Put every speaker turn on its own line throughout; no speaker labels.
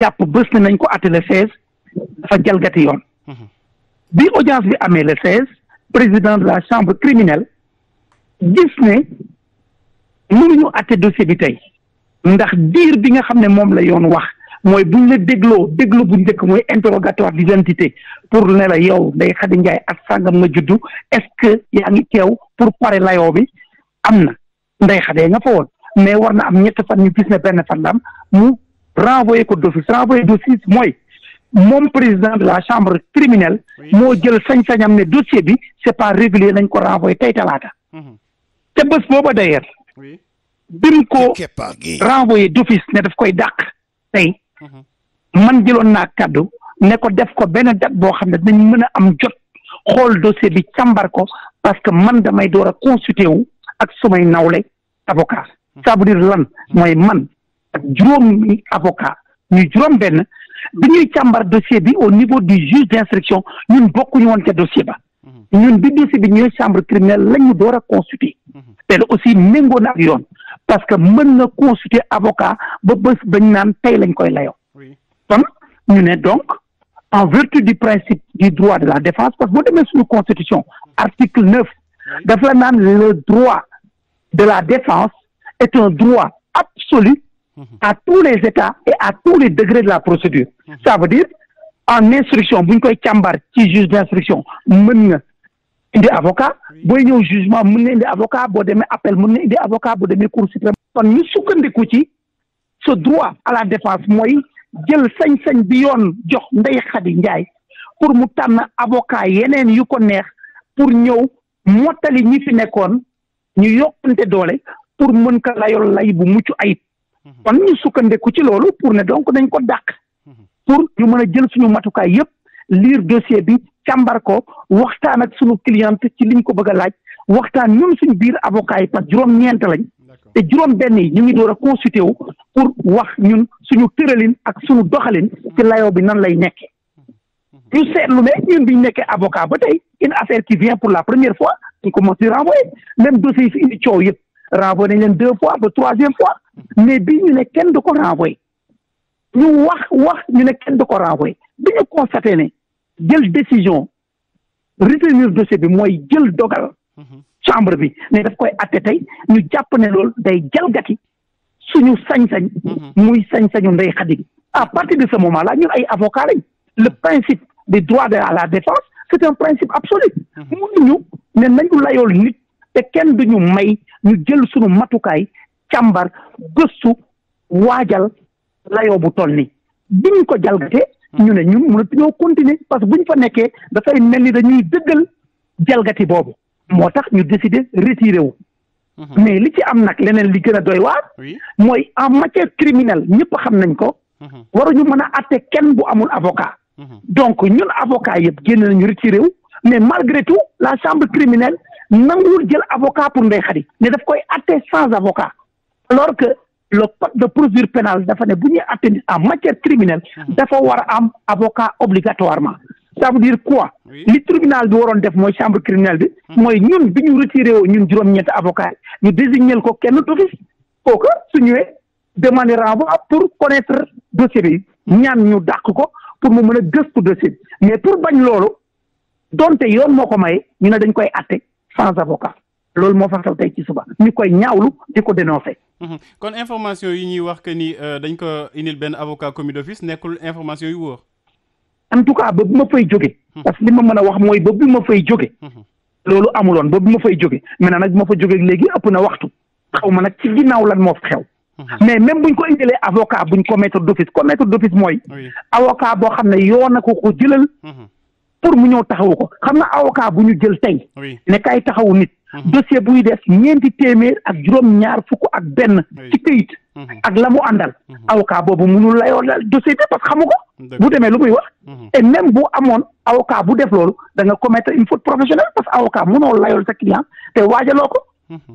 jàpp bés ne nañ ko àtte le seize dafa jalgati yoon mhm. bi audience bi amee le seize président de la chambre criminelle gis ne mënuñu àtte dossier bi tey ndax diir bi nga xam ne moom la yoon wax mooy buñ la dégloo déglu bu njëkk mooy interrogatoire d'identité pour ne la yow Ndeye Khady Ndiaye ak sàngam nga juddu est-ce que yaa ngi teew pour pare layo bi am na Ndeye Khady nga fa woon mais war na am ñett fan ñu gis ne benn fan la mu renvoyer ko d'office renvoyer d'office mooy moom président de la chambre criminelle moo jël sañ-sañam ne dossier bi c'est pas régulier nañ ko renvoyer tey talaata mhm. te bés booba d'ailleurs bim ko renvoyer d'office ne daf koy dàq tey mhm. man jëloon naa kàddu ne ko def ko benn date boo xam ne dañ mën a am jot xool dossier bi càmbar ko parce que man damay door a consulter wu ak sumay nawle avocat mhm. ça veut dire lan mooy man ak juróom avocat ñuy juróom benn bi ñuy càmbar dossier bi au niveau du juge d'instruction ñun ñu woon ca dossier ba mhm. ñun bi dossier bi ñooy chambre criminelle la ñu door a constituer mhm. te aussi méngoo na ak yoon parce que mën na constituer avocat ba bés bañ naan tey lañ koy layoo kon ñu ne donc en vertu du principe du droit de la défense parce que boo demee suñu constitution article neuf dafa la naan le droit de la défense est un droit absolu Mhm. à tous les états et à tous les degrés de la procédure mhm. ça veut dire en instruction bu ñu koy càmbar ci juge d'instruction mën nga indi avocat booy ñëw jugement mën na indi avocat boo demee appel mën na indi avocat boo demee cour suprême kon ñu sukkandiku ci ce droit à la défense mooy jël sañ-sañ bi yoon jox Ndeye Khady Ndiaye pour mu tànn avocat yeneen yu ko neex pour ñëw mottali ñi fi nekkoon ñu yokkante doole pour mën ka layol lay bu mucc ayi Mhm. kon ñu sukkandiku ci loolu pour ne donc dañ ko dàq mhm. pour ñu mën a jël suñu matukaay yépp liir dossier bi càmbar ko waxtaan ak suñu cliente ci liñ ko bëgg a laaj waxtaan ñun suñu biir avocat yi parce juróom-ñeent lañ te juróom-benn yi ñu ngi door a consulté wu pour wax ñun suñu tëralin ak suñu doxalin ci layoo bi nan lay nekkee mhm. ñu seetlu ne ñun biñ nekkee avocat ba tey une affaire qui vient pour la première fois ñu commence di renvoyer même dossier yi fi indi coow yëpp renvoyé nañ leen deux fois ba troisième fois mais bii ñu ne kenn du ko renvoyé ñu wax wax ñu ne kenn du ko renvoyé bi ñu constaté ne jël décision retenir dossier bi mooy jël dogal mhm. chambre bi ne daf koy atte tey ñu jàpp ne lool day jalgati suñu sañ-sañ mhm. muy sañ-sañu ndey xadi bi à partir de ce moment là ñun ay avocat lañ le principe du droit de la défense c'est un principe absolu mhm. mënuñu ne nañu layool nit te kenn du ñu may ñu jël suñu matukaay càmbar gëstu waajal layoo bu toll ni biñ ko jalgate ñu ne ñun ñoo continuer parce que bu ñu fa nekkee dafay mel ni dañuy dëggal jalgati boobu moo tax ñu décider retiré wu mhm. mais li ci am nag leneen li gën a doy waar mooy en matière criminelle ñëpp xam nañ ko mhm. ñu mën a atte kenn bu amul avocat mhm. donc ñun avocat yëpp génn nañu retiré wu mais malgré tout la chambre criminelle nanguwul jël avocat pour Ndeye Khady ne daf koy atte sans avocat alors que le code de procédure pénale dafa ne bu ñuy atte nit en matière criminelle mhm. dafa war a am avocat obligatoirement ça veut dire quoi li tribunal bi waroon def mooy chambre criminelle bi mhm. mooy ñun bi ñu retiré woo ñun juróom-ñetti avocat ñu désigner ko kenn oo kooku su ñëwee demander renvoi pour connaître dossier bi mhm. ñaan ñu dàq ko pour mu mën a gëstu dossier bi mais pour bañ loolu donte yoon moo ko may ñu ne dañ koy atte sans avocat loolu moo fa xew tey ci suba ñu koy ñaawlu di ko dénoncer.
Mhm. kon information yi ñuy wax que ni euh, dañ ko indil benn avocat commis d'office nekkul information yu wóor.
en tout cas ma fay jóge mhm. parce que li ma mën a wax mooy ba bi ma fay jóge mhm. loolu amuloon ba bi ma fay jóge maintenant nag bi ma fa jógee léegi ëpp na waxtu xaw ma nag ci ginnaaw lan moo fa xew. mais même buñ ko indilee avocat buñ ko maître d'office ko maître d'office mooy. avocat boo xam pour mu ñëw taxawu ko xam nga avocat bu ñu jël tey ne kay taxawu nit mhm. dossier buy def ñeenti téeméer ak juróom ñaar fukk ak benn ci këyit mhm. ak la mu àndal mhm. avocat boobu mënul layoo dossier bi parce que xamu ko bu demee lu muy wax et même bu amoon avocat bu def loolu danga nga commettre une faute professionnelle parce que avocat mënoo layool sa client te waajaloo ko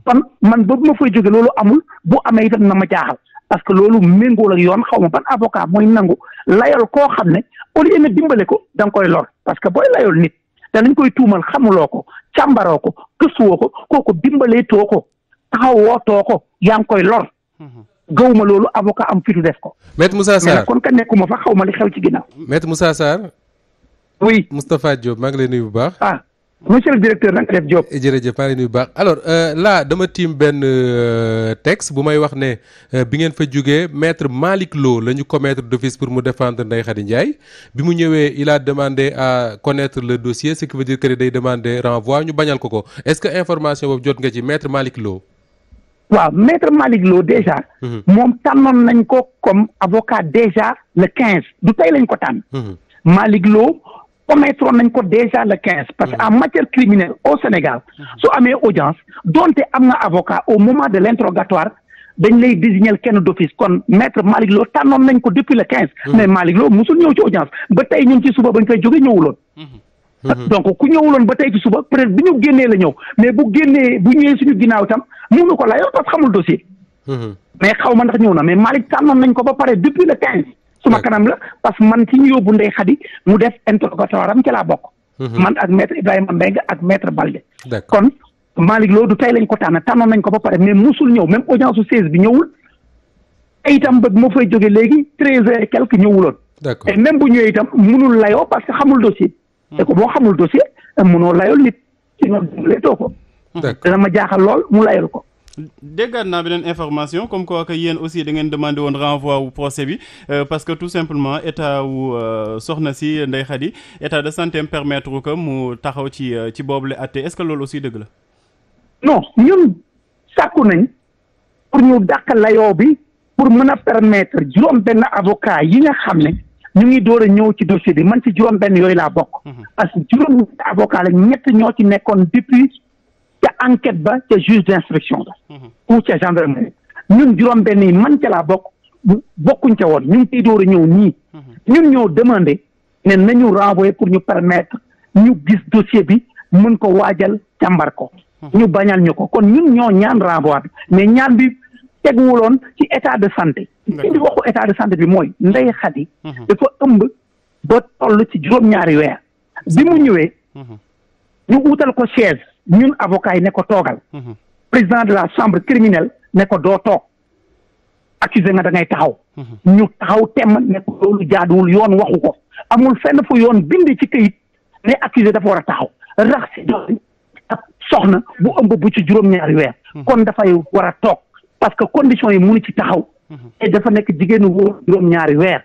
kon man boobu ma fay jóge loolu amul bu amee itam na ma jaaxal parce que loolu méngóol ak yoon xaw ma ban avocat mooy nangu layal koo xam ne au lieu na dimbale ko da nga koy lor parce que booy layool nit danañ koy tuumal xamuloo ko càmbaroo ko gëstuwoo ko kooku dimbalee too ko taxawoo too ko yaa ngi koy lor. Mhm. gawuma loolu avocat am fitu def ko. maître Moussa Sarr kon ka nekkuma fa xaw ma li xew ci ginnaaw.
maître Moussa Sarr. oui Moustapha maa ngi lay nuyu bu baax. Ah. monsieur le directeur na def Diop. Eh, jërëjëf maa ngi nuyu baax alors euh, là dama tiim benn euh, texte bu may wax ne euh, bi ngeen fa jugee maître Malick Lo la ñu de d'office pour mu défendre Ndeye Khady Ndiaye bi mu ñëwee il a demandé à connaître le dossier ce qui veut dire que day demander renvoi ñu bañal ko ko est-ce que information boobu jot nga ci maître Malick Lo.
waaw maître Malick Lo déjà. Mhm. moom tànnoon nañ ko comme avocat déjà le quinze du tey lañ ko tànn. Mhm. Malick loo omettre nañ ko déjà le quinze parce que mm. en matière criminelle au Sénégal mm. su amee audience donte am nga avocat au moment de l'interrogatoire dañ lay désigner kenn d'office kon maître Malick Lo tànnoon nañ ko depuis le quinze mm. mais Malick Lo musul ñëw ci audience ba tey ñun ci suba bañ fay jóge ñëwuloon mm-hmm. Mm-hmm. donc ku ñëwuloon ba tey ci suba peut-être bi ñu génnee la ñëw mais bu génnee bu ñëwee suñu ginnaaw tam mënu ko layoon parce que xamul dossier mm-hmm. mais xaw ma ndax ñëw na mais Malick tànnoon nañ ko ba pare depuis le quinze sama kanam la parce que man ci ñu yóbbu Ndeye Khady mu def interrogatoire am ci laa bokk. Mhm. man ak maître Ibrahima Mbengue ak maître Balde. kon Malick Lo du tey lañ ko tànn tànnoon nañ ko ba pare mais musul ñëw même audience su 16 bi ñëwul. ay tam ba moo fay jógee léegi 13 heures et quelque ñëwuloon. et même bu ñëwee tam mënul layoo parce que xamul dossier. Mhm. te ko boo xamul dossier mënoo layoo nit ci noonu lay too ko. dana ma jaaxal lool mu layal ko.
déggaat naa beneen information comme quoi que yéen aussi da ngeen demandé woon renvoi wu procès bi euh, parce que tout simplement état wu euh, soxna si Ndeye Khady état de santé am ko que mu taxaw ci euh, ci boobule atte est-ce que loolu aussi dëgg la.
non ñun sàkku nañ pour ñu dàq layoo bi pour mën a permettre juróom-benn avocat yi nga xam ne ñu ngi door a ñëw ci dossier bi man ci juróom-benn yooyu laa bokk. Mhm. parce que juróom-benn avocat lañ ñett ñoo ci nekkoon enquête ba ca juge d'instruction la ou ca gendarmerie ñun juróom-benn yi laa bokk bokkuñ ca woon ñu ngi ciy door a ñëw nii ñun ñoo demandé ne nañu renvoyer pour ñu permettre ñu gis dossier bi mën ko waajal càmbar ko ñu bañal ñu ko kon ñun ñoo ñaan renvoi bi mais ñaan bi teguwuloon ci état de santé indi waxu état de santé bi mooy Ndeye Khady mhm. dafa ëmb ba toll ci juróom-ñaari weer bi mu ñëwee mhm. ñu utal ko chaise ñun avocat yi ne ko toogal. Mhm. président de la chambre criminelle ne ko doo toog. accusé nga da taxaw. Mhm. ñu taxaw temm ne ko jaaduwul yoon waxu ko amul fenn fu yoon bind ci këyit ne accusé dafa war a taxaw rax si doon ak soxna bu ëmb bu ci juróom-ñaari weer. Mhm. kon dafay war a toog parce que conditions yi mu mënu ci taxaw. te dafa nekk jigéenu wóor juróom-ñaari weer.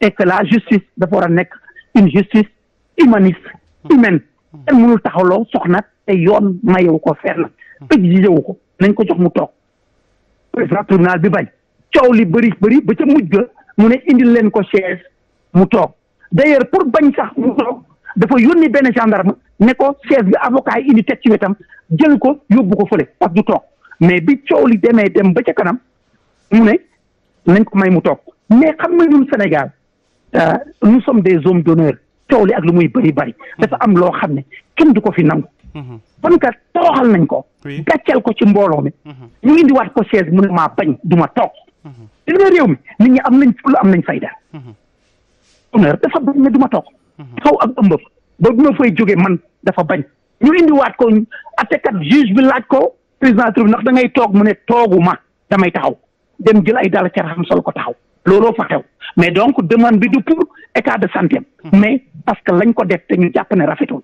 et que la justice dafa war a nekk une justice humaniste humaine kenn mënul taxawloo te yoon mayewu ko fenn exigé wu ko nañ ko jox mu toog président tribunal bi bañ coow li bëri bëri ba ca mujj ga mu ne indil leen ko chaise mu toog d'ailleurs pour bañ sax mu toog dafa yónni benn gendarme ne ko chaise bi avocat yi indi teg ci wetam jël ko yóbbu ko fële parce du toog mais bi coow li demee dem ba ca kanam mu ne nañ ko may mu toog mais xam nga ñun Sénégal euh, nous sommes des hommes d'honneur coow li ak lu muy bëri bëri mm-hmm. dafa am loo xam ne kenn du ko fi nangu mm-hmm. kon kat tooxal nañ ko gàcceel ko ci mbooloo mi mm-hmm. ñu indiwaat ko siège mu ne maa bañ du ma toog li mi nit ñi am nañ fulla am nañ fayda honneur dafa bañ ne du ma toog xaw ak ëmbëf ba du ma fay jóge man dafa bañ ñu indiwaat ko attekat juge bi laaj ko président tribunal ndax da toog mu ne tooguma damay taxaw dem jël ay dala caraxam sol ko taxaw looloo fa xew mais donc demande bi du pour état de santé mais parce que lañ ko def te ñu jàpp ne rafetul.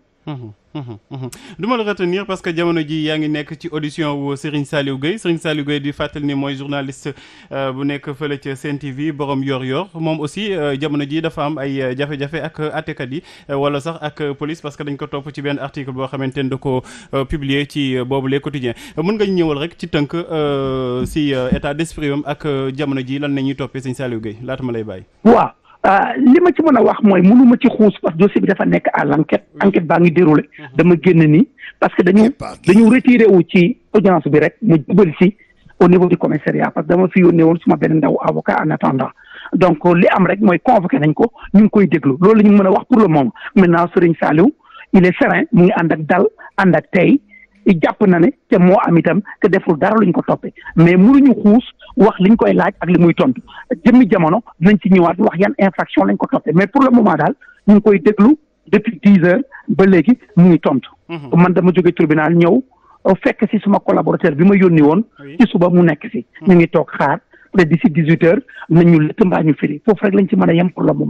du ma la retenir parce que jamono ji yaa ngi nekk ci audition wu Serigne Saliou Gueye Serigne Saliou Gueye di fàttali ni mooy journaliste euh, bu nekk fële ca Sen TV borom yor-yor moom aussi euh, jamono ji dafa am ay euh, jafe-jafe ak àttekat yi wala sax ak police parce que dañ ko topp ci benn article boo xamante ni da ko publier ci boobu les quotidiens mën nga ñëwal rek ci tënk si état d'esprit am ak jamono ji lan la ñuy toppee Serigne Saliou Gueye lay bàyyi.
Euh, li ma ci mën a wax mooy mënu ma ci xuus parce que si bi dafa nekk à l' baa ngi déroulé mhm. dama génne ni parce que dañu dañu retiré wu ci audience bi rek mu jubal si au niveau du commissariat parce que dama fi yónnee woon suma benn ndaw avocat en attendant donc li am rek mooy convoqué nañ ko ñu ngi koy déglu loolu la ñu mën a wax pour le moment naa Serigne Saliou il est serein mu ngi ànd ak dal ànd ak tey jàpp na ne te moo am itam te deful dara luñ ko toppee mais mënuñu xuus wax liñ koy laaj ak li muy tontu jëmmi jamono dinañ ci ñëwaat wax yan infraction lañ ko toppee mais pour le moment daal ñu ngi koy déglu depuis dix heures ba léegi mu ngi tontu. Mhm. man dama jóge tribunal ñëw euh, fekk si suma collaborateur bi ma yónni woon. ci suba mu nekk si. Mhm. ñu ngi toog xaar peut-être d'ici dix huit heures nañ ñu lëtt mbaa ñu firi foofu rek lañ ci mën a yem pour le moment.